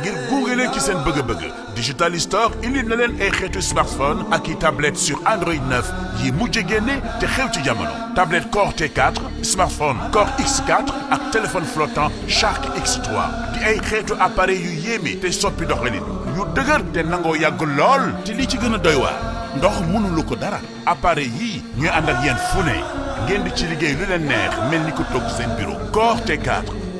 ngir gunge leen ci seen bëgg-bëgg digital store indil na leen ay xeetu smartphone ak i tablette sur Android 9 yi mujj génne te xew ci jamono tablette Core T4 smartphone Core X4 ak téléphone flottant Shark X3 di ay xeetu appareil yu yéeme te soppi doxalin yu dëgër te nangoo yàgg lool te li ci gën a doy waar ndox mënulu ko dara appareil yii ñuy ànd ak yéen fu ne ngeen di ci liggéey lu leen neex mel ni ko toog seen bureau Core T4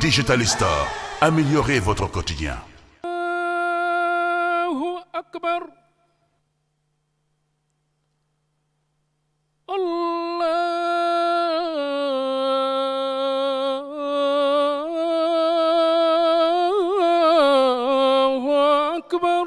Digital Store, améliorez votre quotidien. Allahu akbar. Allahu akbar.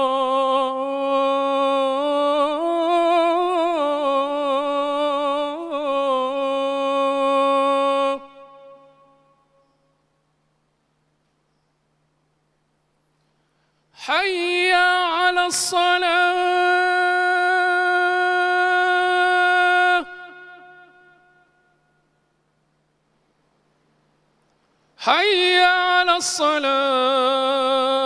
حي على الصلاة حي على الصلاة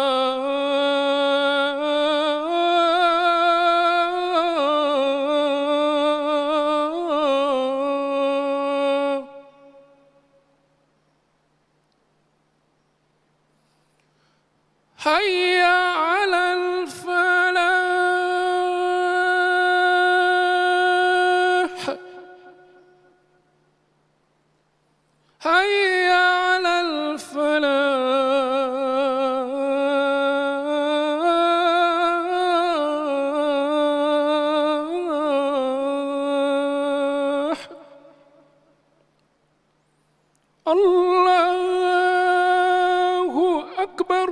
allahu akbar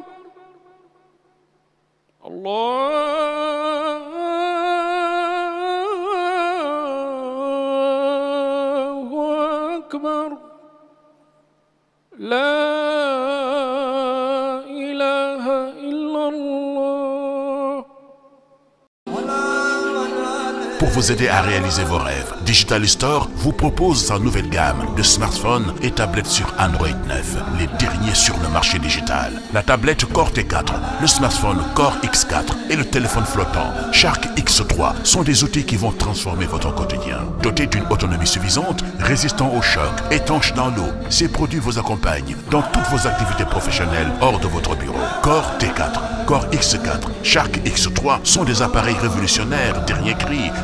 allahu akbar la pour vous aider à réaliser vos rêves. Digital Store vous propose sa nouvelle gamme de smartphones et tablettes sur Android 9, les derniers sur le marché digital. La tablette Core t le smartphone Core x et le téléphone flottant Shark x sont des outils qui vont transformer votre quotidien. Dotés d'une autonomie suffisante, résistant aux chocs, étanches dans l'eau, ces produits vous accompagnent dans toutes vos activités professionnelles hors de votre bureau.